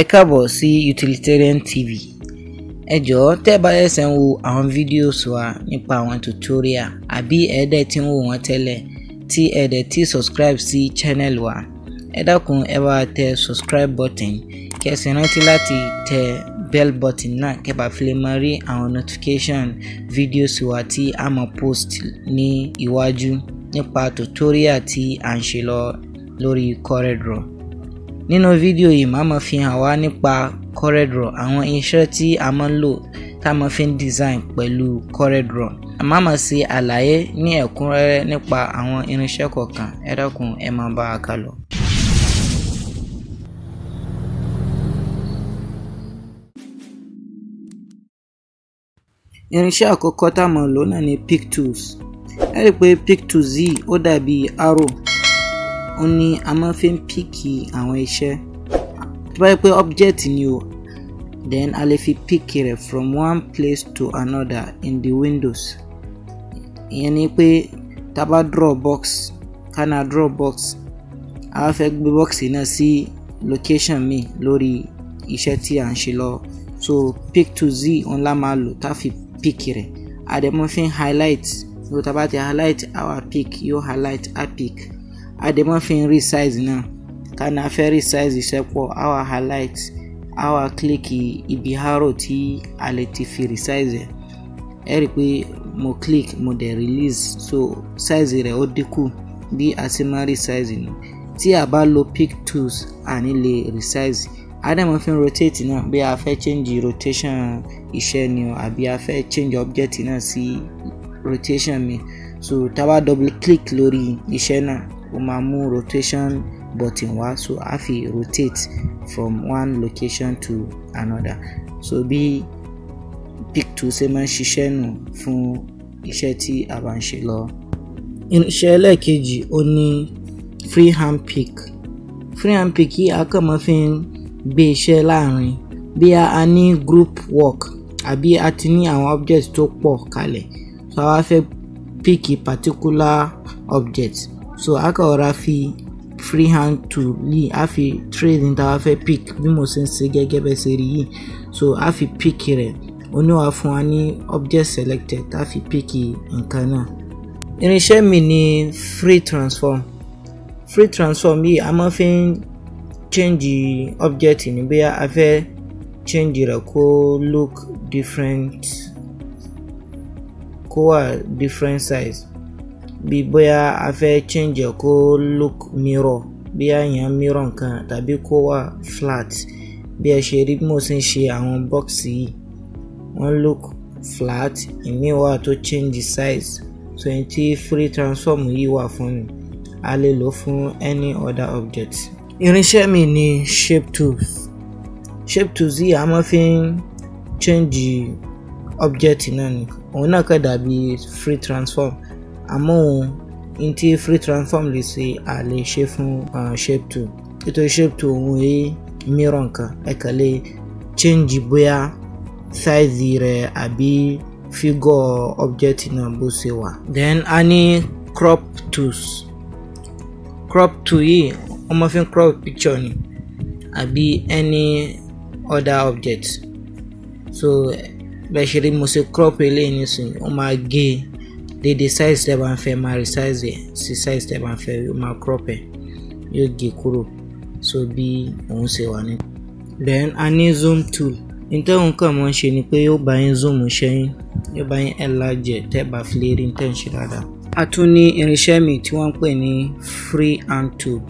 ẹ káàbọ̀ si utilitarian tv ẹ jọ̀ọ́ ba bá ẹsẹ̀ wo àwọn fídíòs wa nípa àwọn tutorial àbí ẹ̀ẹ́dẹ̀ ti ń wò wọ́n tẹ́lẹ̀ tí ẹ̀ẹ́dẹ̀ ti subscribe si channel wa ẹ dákun ẹ bá tẹ subscribe button kí ẹ ti rántí láti tẹ bell button náà kẹ́ bá fi lè máa rí àwọn notification videos wa tí a máa post ní iwájú nípa tutorial ti à ń ṣe lọ lórí CorelDRAW. Nínú fídíò yìí màá máa fi hàn wá nípa CorelDRAW àwọn irinṣẹ́ tí a máa ń lò tá a máa fi ń design pẹ̀lú CorelDRAW. Màá máa ṣe àlàyé ní ẹ̀kúnrẹ́rẹ́ nípa àwọn irinṣẹ́ kọ̀ọ̀kan ẹ dákun ẹ máa bá a kà lọ. irinṣẹ́ àkọ́kọ́ tá a máa lò náà ni pick tools ẹ pé pick tools yìí ó dàbí arrow ó ní a máa fi ń píìkì àwọn iṣẹ́ tó bá yẹ pé object ni o then a lè fi píìkì rẹ̀ from one place to another in the windows ìyẹn ni pé tá bá draw box ká na draw box a wá fẹ́ gbé box náà sí location mi lórí iṣẹ́ tí à ń ṣe lọ so pick to z òun la máa lò tá a fi a rẹ̀ àdẹ̀mọ́ fi ń highlight ló tá bá ti highlight our pick yóò highlight our pick ademofin resize na. kánà fẹ́ resize iṣẹ́ pọ̀ highlight a click ibi arrow ti a lè ti fi resize ẹ̀ ẹ rí i mo click mo de release so size rẹ̀ ó dínkù bí a ti máa resize nù tí a bá lo pick tools àní le resize adẹ́mọ̀ fi ń rotate na. Bi a fẹ́ change rotation iṣẹ́ ni o àbí a fẹ́ change object na si rotation mi so tá double click lori iṣẹ́ náà ó máa mú rotation button wa so a fi rotate from one location to another so bí pic tool ṣe máa ń ṣiṣẹ́ nù fún iṣẹ́ tí a bá ń ṣe lọ. irinṣẹ́ ẹlẹ́ẹ̀kejì ó ní freehand pick freehand pick yìí a fi ń gbé iṣẹ́ láàrin bí a ní group work àbí a ti ní àwọn object tó pọ̀ kalẹ̀ so a wá fẹ́ pick particular objects so a kàn rọra fi free hand tool yìí a fi trade ní tàwa fẹ́ pick bí mo ṣe ń ṣe gẹ́gẹ́ bẹ́ẹ̀ ṣe rí yìí so a fi pick rẹ̀ oníwà fún wa ní object selected a fi pick nǹkan náà irinṣẹ́ mi ni free transform free transform yìí a máa fi ń change object ní bóyá a fẹ́ change rẹ̀ kó look different kó wà different size bí bóyá a fẹ́ change kó look mirror bí àyàn mirror nǹkan tàbí kó wà flat bí ẹ ṣe rí mo ṣe ń ṣe àwọn bọ́ọ̀sì yìí wọ́n look flat ìmíì wà tó change size so ẹni tí free transform yìí wà fún ni a lè lò fún any other object. irinṣẹ́ mi ni shape tools shape tools yìí a máa fi ń change object náà ni òun náà kàn dàbí free transform àmọ́ ohun in tí free transform lè ṣe a lè ṣe fún shape two nítorí shape two òun èyí mìíràn kan ẹ kàn lè change bóyá size rẹ̀ àbí figure object náà bó ṣe wà. then a ní crop tools crop tool yìí wọ́n máa fi ń crop picture ni àbí any other object so bẹ́ẹ̀ ṣe rí mo ṣe crop eléyìí nísìnyí wọ́n máa gé e dèdè size tẹ́ bá ń fẹ́ size the size tẹ́ bá ń fẹ́ yóò crop ẹ̀ yóò gé kúrò so bí òun ṣe wà then a ní zoom tool nítorí òun kàn mọ́ ń ni pé yóò bá yín zoom ṣẹ́yìn yóò bá yín enlarge tẹ́ bá fi lè rí tẹ́ ń ṣe mi tí wọ́n ń pè free hand tool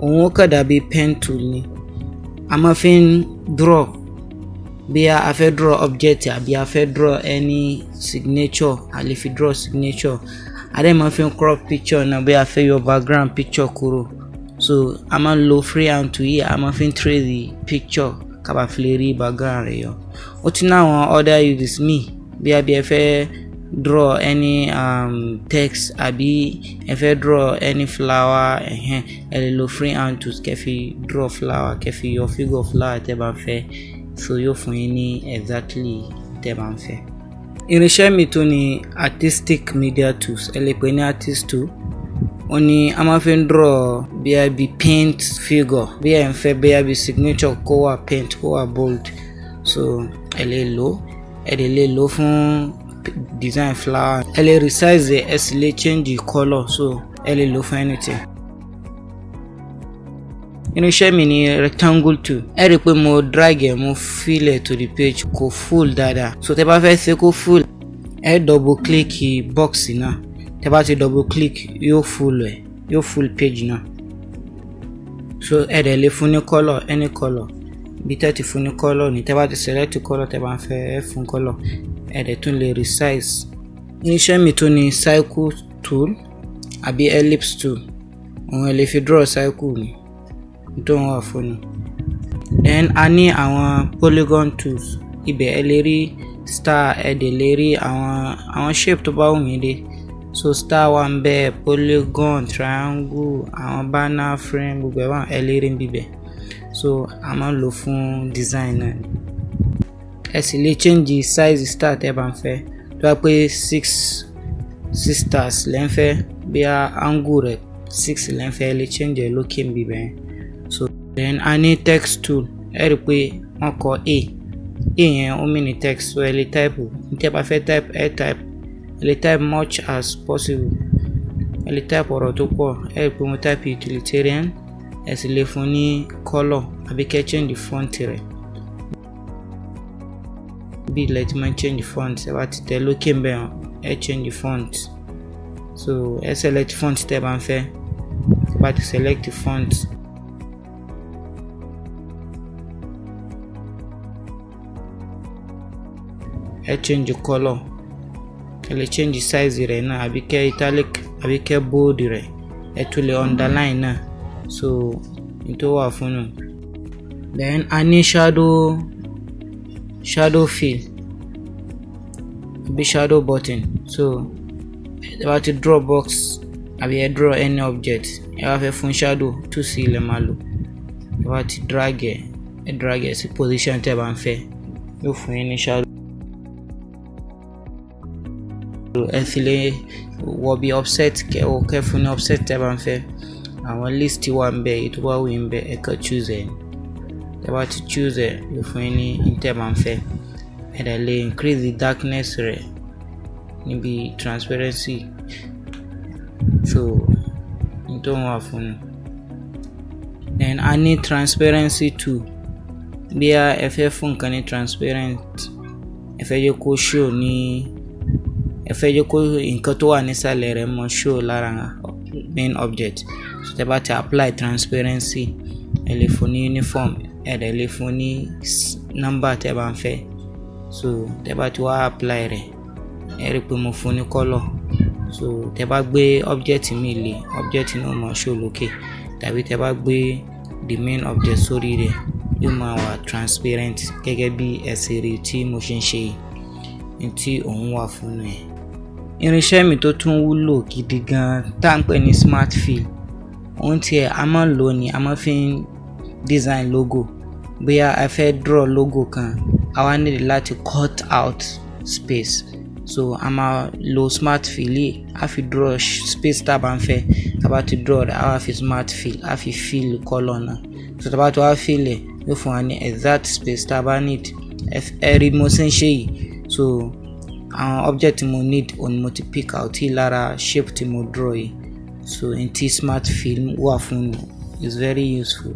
òun ó kàn dàbí pen tool ni a máa fi ń draw bóyá a fẹ́ draw object àbí a fẹ́ draw any signature a lè fi draw signature àdẹ́mọ̀ fi ń crop picture náà bóyá a fẹ́ yọ background picture kúrò so a máa ń lo freehand tool yìí a máa fi ń the picture kaba fi lè rí background rẹ̀ yọ ó ti ní àwọn other uses míì a bí ẹ fẹ́ draw any um, text àbí ẹ fẹ́ draw any flower ẹ lè lo freehand tools kẹ́ fi draw flower kẹ́ fi yọ figure flower tẹ́ bá fẹ́ so yóò fún yín ní exactly tẹ́ máa ń fẹ́. irinṣẹ́ mi tó ni artistic media tools ẹ lè pè ní artist tool wọ́n ní a máa fi ń draw bíi àbí paint figure bí ẹ̀ ń fẹ́ I àbí signature kó wà paint kó wà bold so ẹ lè lò ẹ lè lè lò fún design flower ẹ lè resize ẹ sì lè change the colour so ẹ lè lò fún anything inú iṣẹ́ mi ni rectangle two ẹ rí i pé mo drag ẹ̀ mo fill ẹ̀ to the page kò full dáadáa so tẹ bá fẹ́ ṣe kó full ẹ double click box náà tẹ bá ti double click yóò full ẹ̀ yóò full page náà so ẹ dẹ̀ lè fún ní colour any colour bí tẹ́ ti fún ní colour ní tẹ́ bá ti select colour tẹ́ bá ń fẹ́ ẹ fún colour ẹ dẹ̀ tún lè resize iṣẹ́ mi tún ni cycle tool àbí ellipse tool òun ẹ lè fi draw cycle ni dùn wà fún then a ní àwọn polygon tools ibẹ̀ ẹ lè rí star ẹ dẹ̀ lè rí àwọn àwọn shape tó bá wù yín dé so star wà ń bẹ polygon triangle àwọn banner frame gbogbo ẹ wà ẹ lè rí bíbẹ̀ so a máa ń lò fún design náà ẹ sì lè change size star tẹ́ bá ń fẹ́ tó bá pé six six stars lẹ́ ń fẹ́ bí a angle rẹ̀ six lẹ́ ń fẹ́ lè change ẹ lókè ń bíbẹ̀ yẹn then a ní text tool ẹ rí i pé wọ́n kọ a a yẹn ó mìíní text ẹ lè type ní tí ẹ bá fẹ́ type ẹ type ẹ lè type much as possible ẹ lè type ọ̀rọ̀ tó pọ̀ ẹ rí i pé mo type utilitarian ẹ sì lè fún ní colour àbí kẹ́ change the font rẹ̀ bí ilẹ̀ tí máa ń change font ẹ bá ti tẹ lókè ń bẹ̀ ẹ change font so ẹ select font tẹ́ bá ń fẹ́ ẹ bá ti select font. ẹ change colour ẹ lè change size rẹ̀ náà àbí kẹ́ italic àbí kẹ́ bold rẹ̀ ẹ tún underline náà so n tó fun? fún then a ní shadow shadow fill àbí shadow button so ẹ bá ti draw box àbí ẹ draw any object ẹ wá fẹ́ fun shadow two sí ilẹ̀ máa lò ẹ bá ti drag ẹ ẹ drag ẹ sí position tẹ́ ẹ bá ń fẹ́ yóò fún yín ní shadow. do ẹ fi lè wọ bí offset kẹ o kẹ fún ní offset tẹ bá ń fẹ́ àwọn list wà ń bẹ èyí tó bá wù bẹ ẹ kàn choose ẹ tẹ bá ti choose ẹ yóò fún yín ní tẹ bá ń fẹ́ ẹ dẹ̀ lè increase the darkness rẹ̀ níbi transparency so n tó ń wà fún un then a ní transparency too bí a ẹ fẹ́ fún nǹkan ní transparent ẹ fẹ́ yẹ kó show ní. Ni ẹ fẹ́ jẹ́ kó nǹkan tó wà nísàlẹ̀ rẹ̀ mọ show lára main object so tẹ́ bá ti apply transparency ẹ lè fún ní uniform ẹ dẹ̀ lè fún ní nọ́mbà tẹ́ bá ń fẹ́ so tẹ́ bá ti wá apply rẹ̀ ẹ rí i pé mo fún ní color so tẹ́ bá gbé object mi lè object náà mọ show lókè tàbí tẹ́ bá gbé the main object sórí rẹ̀ yóò máa wà transparent gẹ́gẹ́ bí ẹ̀sìn rí tí mo ṣe ń ṣe yìí ní tí òun wà fún ẹ̀ irinṣẹ́ mi tó tún wúlò gidi gan tá à ń pè ní smart fill ohun tiẹ̀ a máa ń lò ní a máa fi ń design logo bóyá a fẹ́ draw logo kan a wá nílò láti cut out space so a máa lo smart fill yìí a fi draw space tá a bá ń fẹ́ a bá ti draw rẹ̀ a wá fi smart fill a fi fill colour náà so tá a bá ti wá fill ẹ̀ yóò fún wa ní exact space tá a bá need ẹ rí mo ṣe ń ṣe yìí so àwọn object tí mo need òun ni mo ti pick out yìí lára shape tí mo draw yìí so n tí smart film wà fún mi is very useful.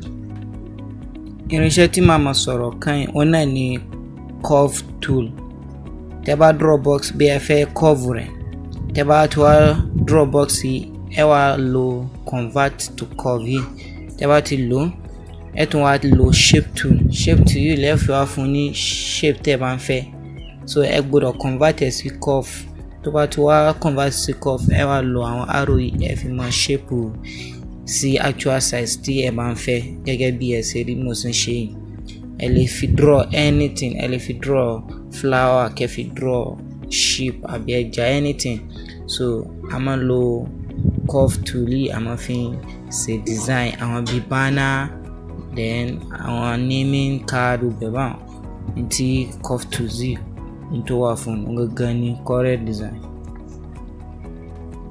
irinṣẹ́ tí màá ma sọ̀rọ̀ kan òun náà ni curve tool tẹ́ bá draw box bí ẹ fẹ́ curve rẹ̀ tẹ́ bá ti draw box yìí ẹ wá lo convert to curve yìí tẹ́ bá ti lò ó ẹ tún wá lo shape tool shape tool yìí lẹ́ẹ̀fẹ́ wá fún ní shape tẹ́ ẹ bá ń fẹ́ so ẹ gbọ́dọ̀ convert ẹ sí curve tó bá ti wá convert sí curve ẹ wá lo àwọn arrow yìí ẹ fi máa shape sí actual size tí ẹ bá ń fẹ́ gẹ́gẹ́ bí ẹ ṣe rí mo ṣe ń ṣe yìí ẹ lè fi draw anything ẹ lè fi draw flower kẹ́ fi draw sheep àbí ẹja anything so a máa ń lo curve tool yìí a máa fi ṣe design àwọn bíi banner then àwọn naming card gbẹ̀bọ̀n ti curve tool yìí. Into tó phone fún un gangan correct design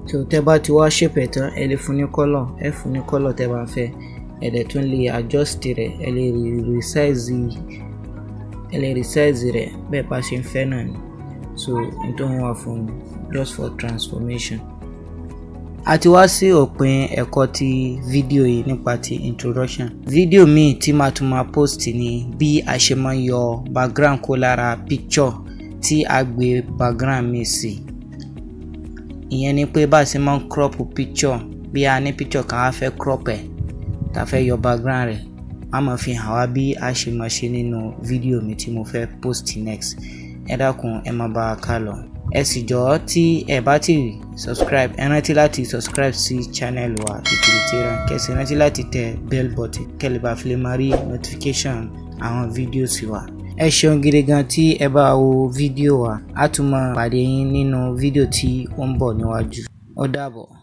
So, tẹ́ bá ti wá shape ẹ̀ tán ẹ lè fún ní color ẹ fún ní color tẹ́ bá fẹ́ ẹ lè tún lè adjust rẹ̀ ẹ lè resize ẹ lè resize rẹ̀ bẹ́ẹ̀ bá ṣe ń fẹ́ náà ni so n tó ń wà fún un just for transformation. a ti wá sí òpin ẹ̀kọ́ ti fídíò yìí nípa ti introduction fídíò míì tí màá tún máa post ni bí a ṣe máa yọ background kó lára picture tí a gbé background mi sí ìyẹn ni pé bá a ṣe máa ń crop picture bí a ní picture kan a fẹ́ crop ẹ̀ tá a fẹ́ yọ background rẹ̀ a máa fi hàn wá bí a ṣe máa ṣe nínú fídíò mi tí mo fẹ́ post next ẹ dákun ẹ máa bá a ká lọ ẹ sì jọ̀ọ́ tí ẹ bá ti subscribe ẹ rántí láti subscribe sí channel wa Ìkìlìtẹ́ràn kẹsì rántí láti tẹ bell button kẹlẹ́bà fi lè máa rí notification àwọn fídíò sí wa ẹ ṣeun gidi gan tí ẹ bá wo fídíò wa a tún máa pàdé yín nínú fídíò tí ó ń bọ̀ níwájú ó dàbọ̀.